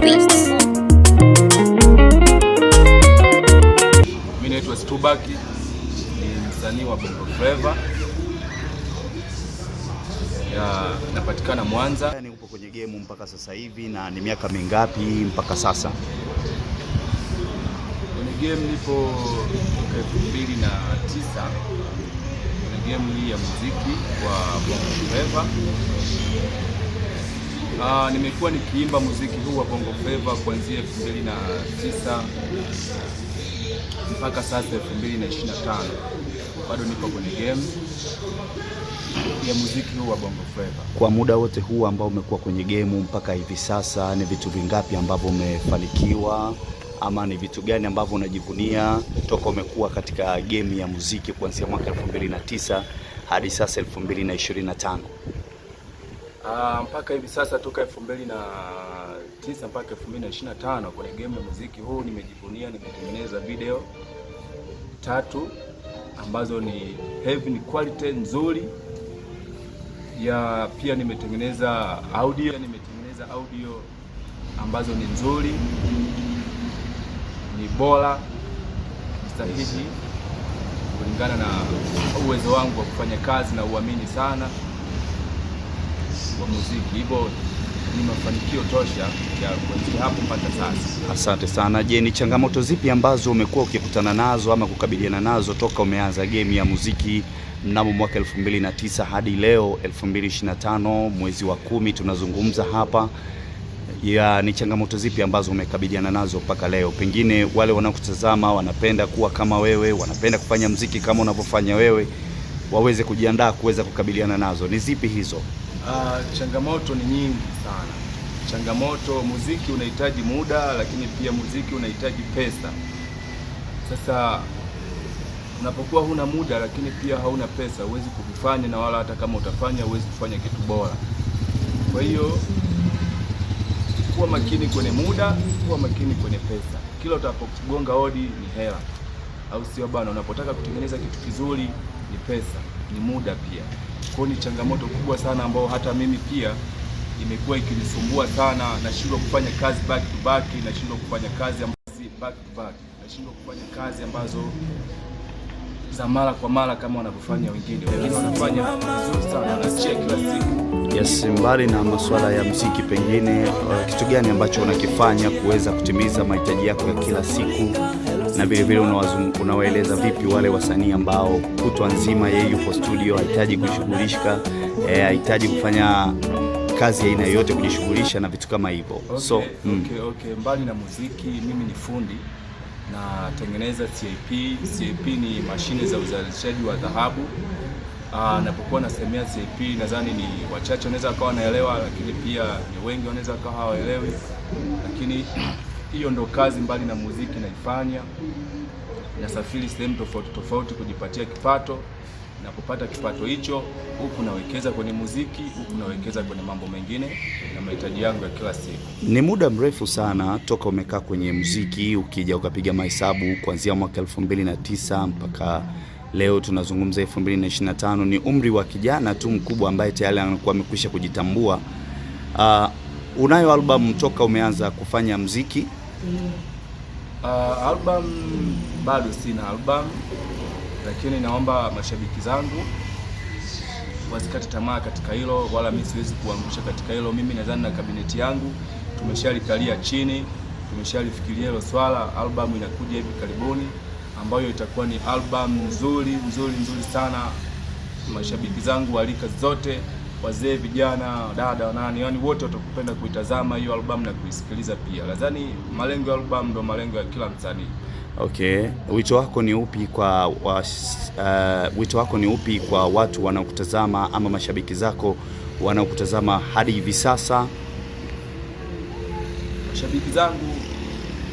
Beats. Mimi naitwa Stubaki, ni msanii wa Bongo Flava. Ya, napatikana Mwanza. Yani upo kwenye game mpaka sasa hivi na ni miaka mingapi mpaka sasa? Kwenye game nipo elfu mbili na tisa kwenye game hii ya muziki wa Bongo Flava. Uh, nimekuwa nikiimba muziki huu wa Bongo Flava kuanzia 2009 mpaka sasa 2025. Bado niko kwenye game ya muziki huu wa Bongo Flava. Kwa muda wote huu ambao umekuwa kwenye game mpaka hivi sasa, ni vitu vingapi ambavyo umefanikiwa ama ni vitu gani ambavyo unajivunia toka umekuwa katika game ya muziki kuanzia mwaka 2009 hadi sasa 2025? Uh, mpaka hivi sasa toka elfu mbili na tisa mpaka elfu mbili na ishirini na tano kwenye game ya muziki huu nimejivunia, nimetengeneza video tatu ambazo ni heavy, quality nzuri ya pia nimetengeneza audio, nimetengeneza audio ambazo ni nzuri, ni bora sahihi kulingana na uwezo wangu wa kufanya kazi na uamini sana wa muziki. Hivyo ni mafanikio tosha ya kuanzia hapo mpaka sasa. Asante sana. Je, ni changamoto zipi ambazo umekuwa ukikutana nazo ama kukabiliana nazo toka umeanza game ya muziki mnamo mwaka 2009 hadi leo 2025 mwezi wa kumi tunazungumza hapa ya ni changamoto zipi ambazo umekabiliana nazo mpaka leo? Pengine wale wanaokutazama wanapenda kuwa kama wewe, wanapenda kufanya mziki kama unavyofanya wewe, waweze kujiandaa kuweza kukabiliana nazo, ni zipi hizo? Uh, changamoto ni nyingi sana. Changamoto, muziki unahitaji muda, lakini pia muziki unahitaji pesa. Sasa unapokuwa huna muda, lakini pia hauna pesa, huwezi kuvifanya, na wala hata kama utafanya huwezi kufanya kitu bora. Kwa hiyo kuwa makini kwenye muda, kuwa makini kwenye pesa. Kila utapogonga hodi ni hela, au sio bana? Unapotaka kutengeneza kitu kizuri ni pesa, ni muda pia kwao ni changamoto kubwa sana ambayo hata mimi pia imekuwa ikinisumbua sana, nashindwa kufanya kazi back to back, nashindwa kufanya kazi ambazo back to back, nashindwa kufanya kazi ambazo za mara kwa mara kama wanavyofanya wengine. Wengine wanafanya vizuri sana, check kila siku. Yes, mbali na masuala ya muziki, pengine uh, kitu gani ambacho unakifanya kuweza kutimiza mahitaji yako ya kila siku? na vilevile unawaeleza vipi wale wasanii ambao kutwa nzima yeye yupo studio, hahitaji kushughulishika, eh, hahitaji eh, kufanya kazi aina yoyote, kujishughulisha na vitu kama hivyo. Okay, so mm. okay, okay. Mbali na muziki, mimi ni fundi natengeneza CIP. CIP ni mashine za uzalishaji wa dhahabu. Ah, napokuwa nasemea cip nadhani ni wachache wanaweza wakawa wanaelewa, lakini pia ni wengi wanaweza wakawa hawaelewi, lakini hiyo ndo kazi, mbali na muziki naifanya, nasafiri sehemu tofauti tofauti kujipatia kipato, na kupata kipato hicho, huku nawekeza kwenye muziki, huku nawekeza kwenye mambo mengine na mahitaji yangu ya kila siku. Ni muda mrefu sana toka umekaa kwenye muziki, ukija ukapiga mahesabu kuanzia mwaka elfu mbili na tisa mpaka leo tunazungumza 2025, ni umri wa kijana tu mkubwa ambaye tayari anakuwa amekwisha kujitambua. Uh, unayo albamu toka umeanza kufanya mziki Mm. Uh, album bado sina album, lakini naomba mashabiki zangu wasikate tamaa katika hilo, wala mimi siwezi kuangusha katika hilo. Mimi nadhani na kabineti yangu tumeshalikalia chini, tumeshalifikiria hilo swala. Album inakuja hivi karibuni, ambayo itakuwa ni album nzuri nzuri nzuri sana. Mashabiki zangu walika zote wazee, vijana, dada, nani, yani wote watakupenda kuitazama hiyo albamu na kuisikiliza pia. Nadhani malengo ya albamu ndo malengo ya kila msanii. Okay, wito wako ni upi kwa wa, uh, wito wako ni upi kwa watu wanaokutazama ama mashabiki zako wanaokutazama hadi hivi sasa? Mashabiki zangu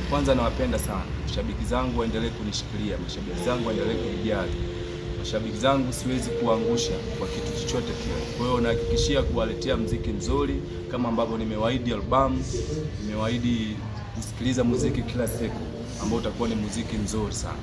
kwanza, nawapenda sana mashabiki zangu, waendelee kunishikilia, mashabiki zangu waendelee kunijali mashabiki zangu siwezi kuangusha kwa kitu chochote kile. Kwa hiyo nahakikishia kuwaletea mziki mzuri kama ambavyo nimewaahidi albamu, nimewaahidi kusikiliza muziki kila siku ambao utakuwa ni muziki mzuri sana.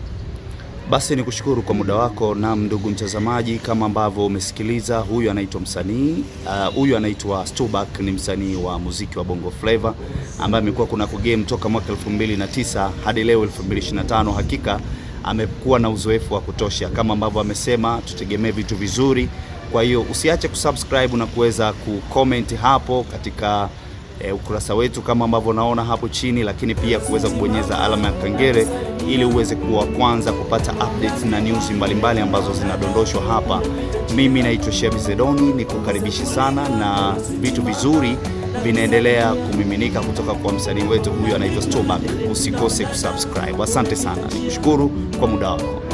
Basi ni kushukuru kwa muda wako. Na ndugu mtazamaji, kama ambavyo umesikiliza, huyu anaitwa msanii uh, huyu anaitwa Stubak, ni msanii wa muziki wa Bongo Flava ambaye amekuwa kuna kugame toka mwaka 2009 hadi leo 2025 hakika amekuwa na uzoefu wa kutosha, kama ambavyo amesema, tutegemee vitu vizuri. Kwa hiyo usiache kusubscribe na kuweza kucomment hapo katika E, ukurasa wetu kama ambavyo unaona hapo chini, lakini pia kuweza kubonyeza alama ya kengele ili uweze kuwa kwanza kupata updates na news mbalimbali mbali ambazo zinadondoshwa hapa. Mimi naitwa Shemi Zedoni, nikukaribishe sana na vitu vizuri vinaendelea kumiminika kutoka kwa msanii wetu huyu anaitwa Stoback. Usikose kusubscribe. Asante sana, nikushukuru kwa muda wako.